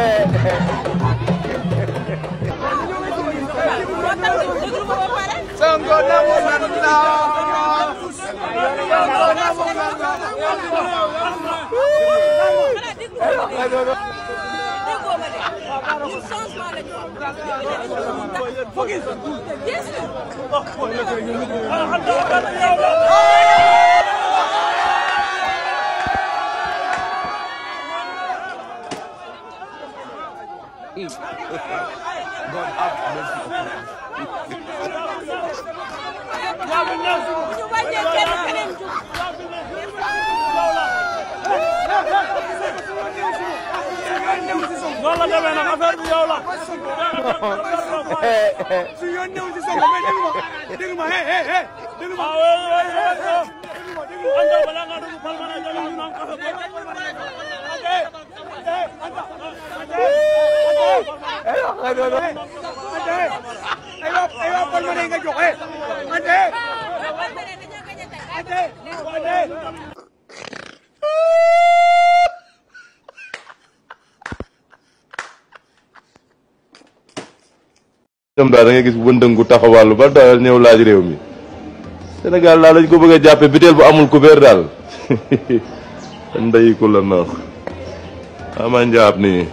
Sonko namu nan la Sonko namu nan la Focus. Yes. Allah. Duyuyor ne oldu sen? Ben dedim bak. Dedim bak. Hey hey hey. Dedim bak. Anda balanga dulu palmana jalan nang kah. Hey. Hey. Anda. Hey. Ada ada. Ada. Ayo ayo palmana ingat jok. Hey. Ada. Ada. Ada. itam daa da nga gis wëndëngu taxawàllu ba daal ñew laaj réew mi Sénégal la lañ ko bëgg jappé jàppe bu amul couvert dal. ndeyiku la nox ama njaab nii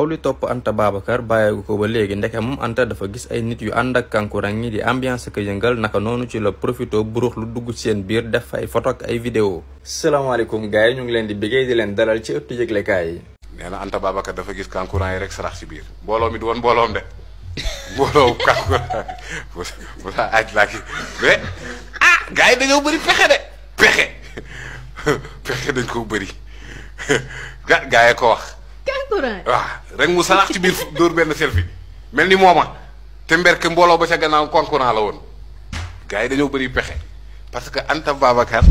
loolu top Anta babakar bàyyeegu ko ba léegi ndekam Anta dafa gis ay nit yu ànd ak kankurang di ambiance ke jengal naka nonu ci le profito burux lu dugg sen bir def ay photo ak ay vidéo assalamu alaykum gaay ñu ngi leen di bëggee di leen dalal ci ëttu jëglé kay nee na Anta Babacar dafa gis kankurang yi rek sarax ci biir mbooloo mi du woon mbooloom de mbooloo kankurang bu saa aaj laa ki mais ah gars yi dañoo bëri pexe de pexe dañ ko bari ga gars yi ko wax. kankurang waaw rek mu mel ni mooma te mberke mbooloo ba ca gannaaw kankurang la woon gars yi dañoo bari pexe parce que Anta Babacar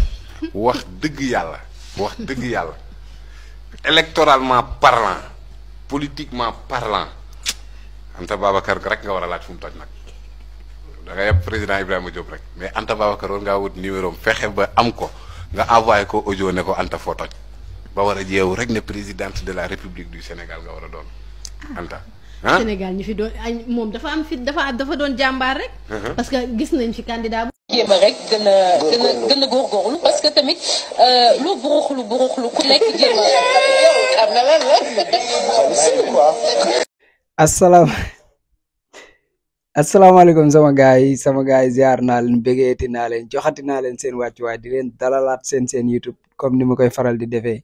wax dëgg yàlla wax dëgg yàlla. électoralement parlant politiquement parlant Anta Babacar rek nga war a laaj fu mu toj nag da nga yeb président Ibrahima Diop rek mais Anta Babacar war ngaa wut numéro am fexe ba am ko nga envoyé ko audio ne ko Anta foo toj ba war a jeewu rek ne présidente de la république du Sénégal nga war a doon ah. Anta. ah Sénégal ñu fi doon moom dafa am fi dafa dafa doon jàmbaar rek. Uh-huh. parce que gis nañ fi candidat bu. jéem a rek gën a gën a gën a tamit lu buruxlu buruxlu ku nekk jéem asalaam asalaamaaleykum sama gars yi sama gars yi ziar naa leen bégeeti naa leen joxati naa leen seen wàccuwaay di leen dalalaat seen seen YouTube comme ni ma koy faral di defee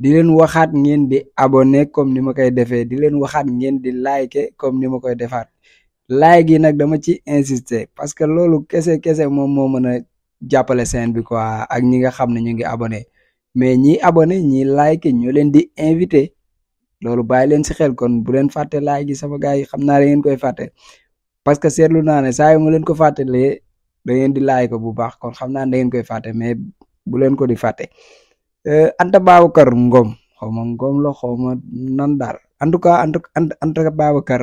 di leen waxaat ngeen di abonné comme ni ma koy defee di leen waxaat ngeen di like comme ni ma koy defaat like nag dama ci insister parce que loolu kese kese moom moo mën a jàppale seen bi quoi ak ñi nga xam ne ñu ngi abonné mais ñi abonné ñi like ñoo leen di invité loolu bàyyi leen si xel kon bu leen fàtte like gi sama gars yi xam naa da ngeen koy fàtte parce que seetlu naa ne saa yu ma leen ko fàttalee da ngeen di like bu baax kon xam naa da ngeen koy fàtte mais bu leen ko di fàtte euh, Anta Babacar Ngom xaw ma Ngom la xaw ma nan daal en tout cas Anta Babacar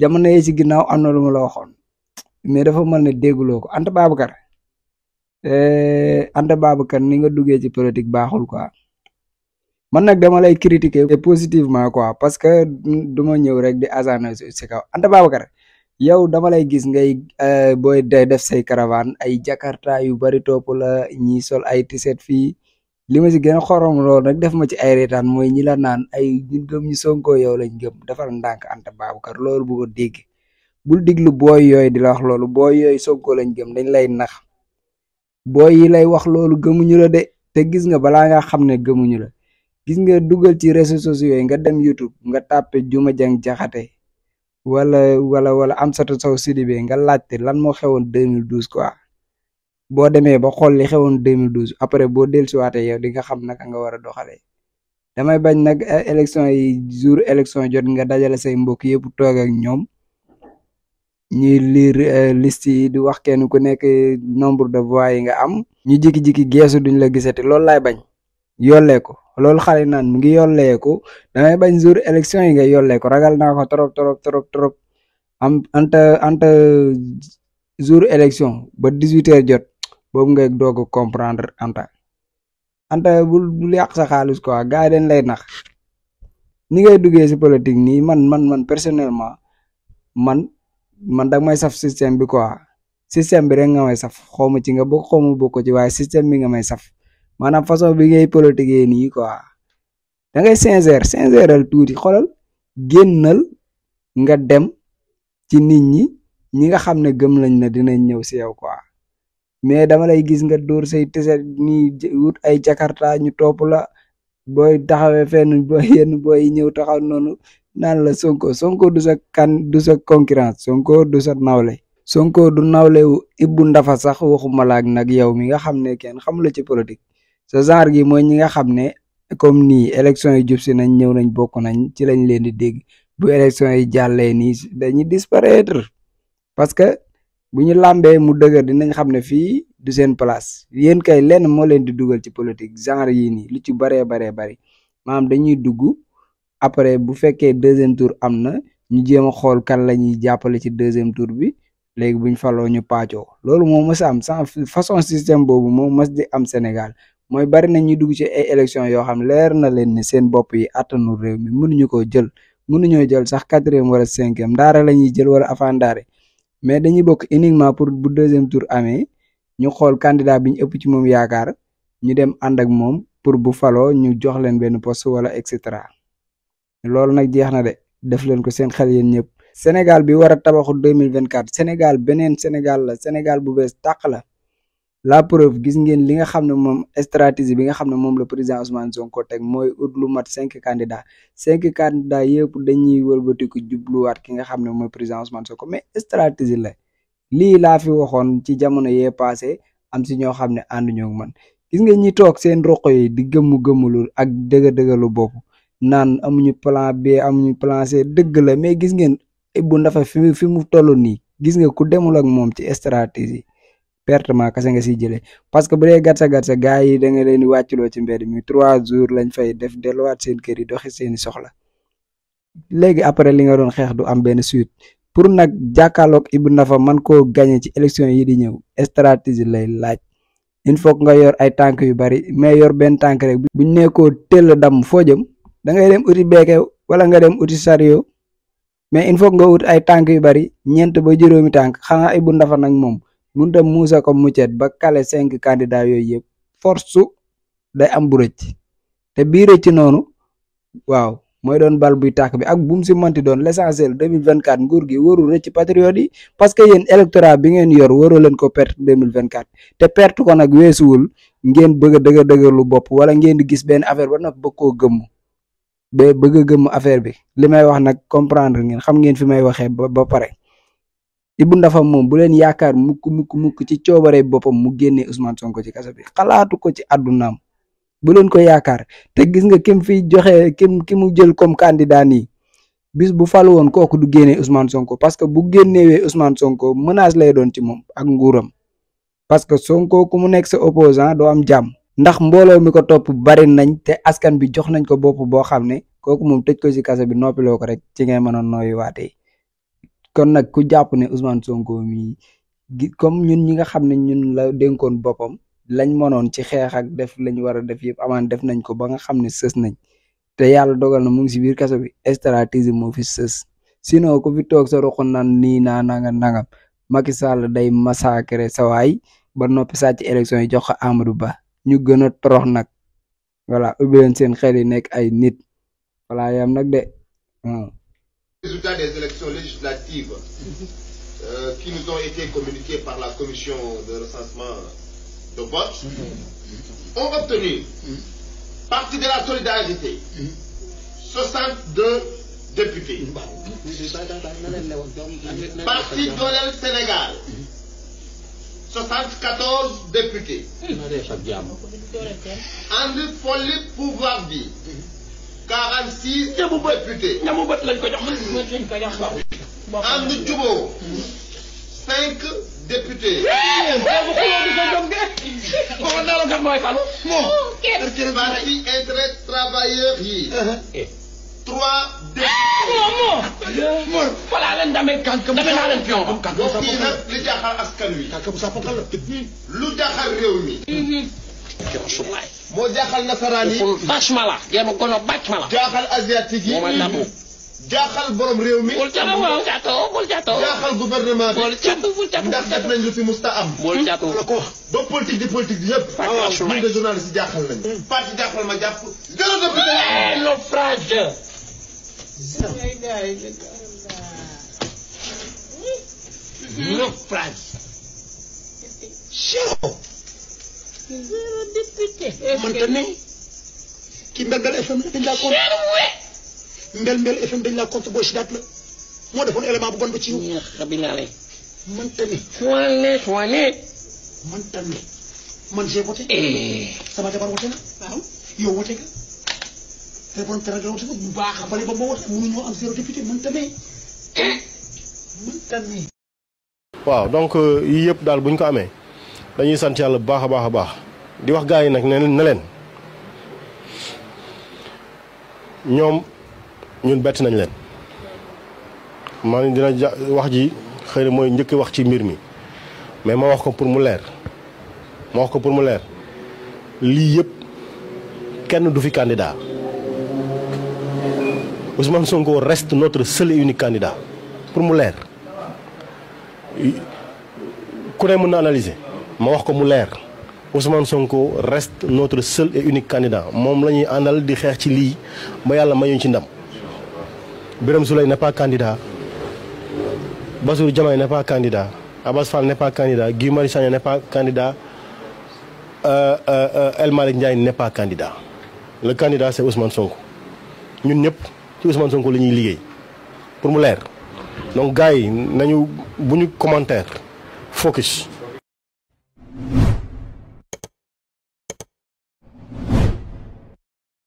jamono yi si ginnaaw am na lu ma la waxoon mais dafa mel ne dégguloo ko Anta Babacar Eh, Anta Babacar ni nga duggee ci politique baaxul quoi man nag dama lay critiquer positivement quoi parce que du ma ñëw rek di asana si kaw Anta kar yow dama lay gis ngay eh, booy day def say caravane ay jakarta yu bari topp la ñi sol ay tiset fii li ma si gën xorom lool nag def ma ci ay reetaan mooy ñi la naan ay ñun gëm ñu Sonko yow lañ gëm defal ndànk Anta Babacar loolu bu ko dégg bul diglu booy yooyu di la wax loolu booy yooyu Sonko lañ gëm dañ lay nax booy yi lay wax loolu gëmuñu la de te gis nga balaa nga xam ne gëmuñu la gis nga dugal ci réseaux sociaux nga dem YouTube nga tàppe Juma Jang Jaxate wala wala wala Amsatou Sow Sidibé nga laajte lan moo xewoon 2012 quoi boo demee ba xool li xewoon 2012 après boo dellusiwaatee yow di nga xam naka nga war a doxalee damay bañ nag eh, élection yi jour élection jot nga dajale say mbokk yëpp toog ak ñoom. ñuy lire euh, liste yi di wax kenn ku nekk nombre de voix yi nga am ñi jikki-jikki geesu duñ la gisati loolu laay bañ yollee ko loolu xale nan mu ngi yollee damay bañ jour élection yi nga yollee ko ragal naa ko trop trop trop trop am anta anta jour élection ba 18 jot boobu nga doog comprendre anta anta bul bul yàq sa xaalis quoi gars yi dañ lay nax ni ngay duggee politique nii man man man personnellement man man dag may saf système bi quoi système bi rek nga may saf xaw ma ci nga bokk xaw ma ko ci waaye système bi nga may saf maanaam façon bi ngay politiquer nii quoi da ngay sincère sincèreal tuuti xoolal génnal nga dem ci nit ñi ñi nga xam ne gëm lañ ne dinañ ñëw si yow quoi mais dama lay gis nga dóor say tiset nii wut ay jakarta ñu topp la booy taxawee fenn booy yenn booy ñëw taxaw noonu naan la Sonko Sonko du sa kan du sa concurrence Sonko du sa nawle Sonko du nawle Ibou Ndafa sax waxu la ak nag yow mi nga xam ne kenn xamu la ci politique sa genre gi mooy ñi nga xam ne comme nii élection yi jub si nañ ñëw nañ bokk nañ ci lañ leen di dégg bu élection yi jàllee nii dañuy disparaître parce que bu ñu làmbee mu dëgër dinañ xam ne fii du seen place yéen kay lenn moo leen di dugal ci politique genre yii nii lu ci baree baree bari maanaam dañuy après bu fekkee deuxième tour am na ñu jéem a xool kan la ñuy jàppale ci deuxième tour bi léegi buñ faloo ñu paacoo loolu moo mës a am sans façon système boobu moo mës di am Sénégal mooy bari na ñuy dugg ci ay élection yoo xam leer na leen ne seen bopp yi attanul réew mi mënuñu ko jël mënuñoo jël sax quatrième wala cinquième ndaare la ñuy jël wala avant ndaare mais dañuy bokk uniquement pour bu deuxième tour amee ñu xool candidat bi ñu ëpp ci moom yaakaar ñu dem ànd ak moom pour bu faloo ñu jox leen benn poste wala et cetera loolu nag jeex na de def leen ko seen xel yéen ñëpp Sénégal bi war a tabaxu deux mille vingt quatre Sénégal beneen Sénégal la Sénégal bu bees tàq la la preuve gis ngeen li nga xam ne moom stratégie bi nga xam ne moom la président Ousmane Sonko teg mooy ut lu mat cinq candidats cinq candidats yëpp dañuy wëlbatiku jubluwaat ki nga xam ne mooy man Ousmane ko mais stratégie la lii laa fi waxoon ci jamono yee passé am si ñoo xam ne ànduñoo man gis nga ñi toog seen roqo yi di gëmmu gëmmulu ak dëgg dëggalu nan amuñu plan B amuñu plan C dëgg la mais gis ngeen Ibou Ndafa fi fi mu tollu nii gis nga ku demul ak moom ci stratégie pertement kase nga jëlee parce que bu dee gatsa gatsa gars yi da nga leen di ci mbedd mi trois jours lañ fay def delluwaat seen kër yi doxi seeni soxla léegi après li nga doon xeex du am benn suite pour nag jàkkaarloog Ibou Ndafa man koo gagné ci élection yi di ñëw stratégie lay laaj il faut nga yor ay tànk yu bari mais yor benn tànk rek buñ nekkoo teel dam jëm da ngay dem outil beke wala nga dem outil sario mais il faut nga out ay tank yu bari ñent ba juróomi tank xanaa ay bu ndafa nag moom munta musa ko muccet ba calé 5 candidat yoy yeb force day am bu recc te bi recc nonu waaw moy don bal buy tak bi ak bu mu si manti don l'essentiel 2024 nguur gi waru recc patriote yi parce que yeen électorat bi ngeen yor waroo len ko perte 2024 te perte ko nak weesuwul ngeen bëgg a dëgër lu bop wala ngeen di gis ben affaire ba nag bëgg ko gëmm day bëgg a gëm affaire bi li may wax nag comprendre ngeen xam ngeen fi may waxee ba ba pare Ibou Ndafa moom bu leen yaakaar mukk mukk mukk ci coobare boppam mu génnee Ousmane Sonko ci kaso bi xalaatu ko ci àddunaam bu leen ko yaakaar te gis nga kim fi joxe kim ki mu jël comme candidat nii bis bu fal woon kooku du génnee Ousmane Sonko parce que bu génnewee Ousmane Sonko menace lay doon ci moom ak nguuram parce que Sonko ku mu nekk sa opposant doo am jàmm ndax mbooloo mi ko topp bari nañ te askan bi jox nañ ko bopp boo xam ne kooku moom tëj ko ci kaso bi noppiloo ko rek ci ngay mën a nooyuwaatee kon nag ku jàpp ne Ousmane Sonko mii gi comme ñun ñi nga xam ne ñun la dénkoon boppam lañ mënoon ci xeex ak def lañ war a def yëpp amaan def nañ ko ba nga xam ne sës nañ te yàlla dogal na mu ngi si biir kaso bi stratégie moo fi sës sinon ko fi toog sa ruq naan nii naa nanga nangam Sall day massacrer sa waay ba noppi ci élection yi jox ko Amadou Ba ñu gëna torox voilà seen voilà yam nak de résultat des élections législatives euh, qui nous ont été communiqués par la commission de recensement de vote ont obtenu parti de la solidarité 62 députés parti Dolel Sénégal 74 députés. André folli pouvoir bi 46 députés. André Djoubo 5 députés. Oh, Parti intérêt travailleur 3 moom moom. moom voilà leen damay kànk damay naa leen pion ba. kànk bu sa bokkal la li jaaxal askan wi. kànk bu sa bokkal la. lu jaaxal réew mi. jërëjëf Soumay. moo jaaxal nasaraan yi. bàcc ma la. jéem a gono bàcc ma la. jaaxal asiatique yi. moo may nabu. jaaxal borom réew mi. bul jàpp bul jàpp bul jàpp. jaaxal gouvernement bi. bul jàpp bul jàpp ndax def nañ lu fi musta am. bul jàpp la ko wax. ba politique di politique di yëpp. waaw waaw ñun de journaliste jaaxal nañu. parti jaaxal ma jàpp. jërëjëf. le frage. No France. Zéro. Zéro député. Maintenant, ki Mbelmbel FM la compte. FM dañ la compte booy si daat la moo defoon élément bu bon ba ci yow. ñax bi laa lay. man tamit. toile toile. man tamit bu baax a bëri ba waaw donc euh, yii yëpp daal bu ñu ko amee dañuy sant yàlla bu baax a baax a baax di wax gars yi nag ne ne leen ñoom ñun bett nañ leen man dina wax ji xëy na mooy njëkk wax ci mbir mi mais ma wax ko pour mu leer ma wax ko pour mu leer lii yépp kenn du fi candidat. Ousmane Sonko reste notre seul et unique candidat pour Mouler. leer na analyser Je wax ko Ousmane Sonko reste notre seul et unique candidat Mon la ñuy àndal di xeex ci lii ba le mayuñ ci ndam n'est pas candidat Basour Diomaye n'est pas candidat Abbas Fall n'est pas candidat Guy n'est pas candidat euh, euh, euh El Malik Ndiaye n'est pas candidat le candidat c'est Ousmane Sonko ñun ci Ousmane Sonko la ñuy liggéey pour mu leer donc gars yi nañu bu ñu commentaire focus.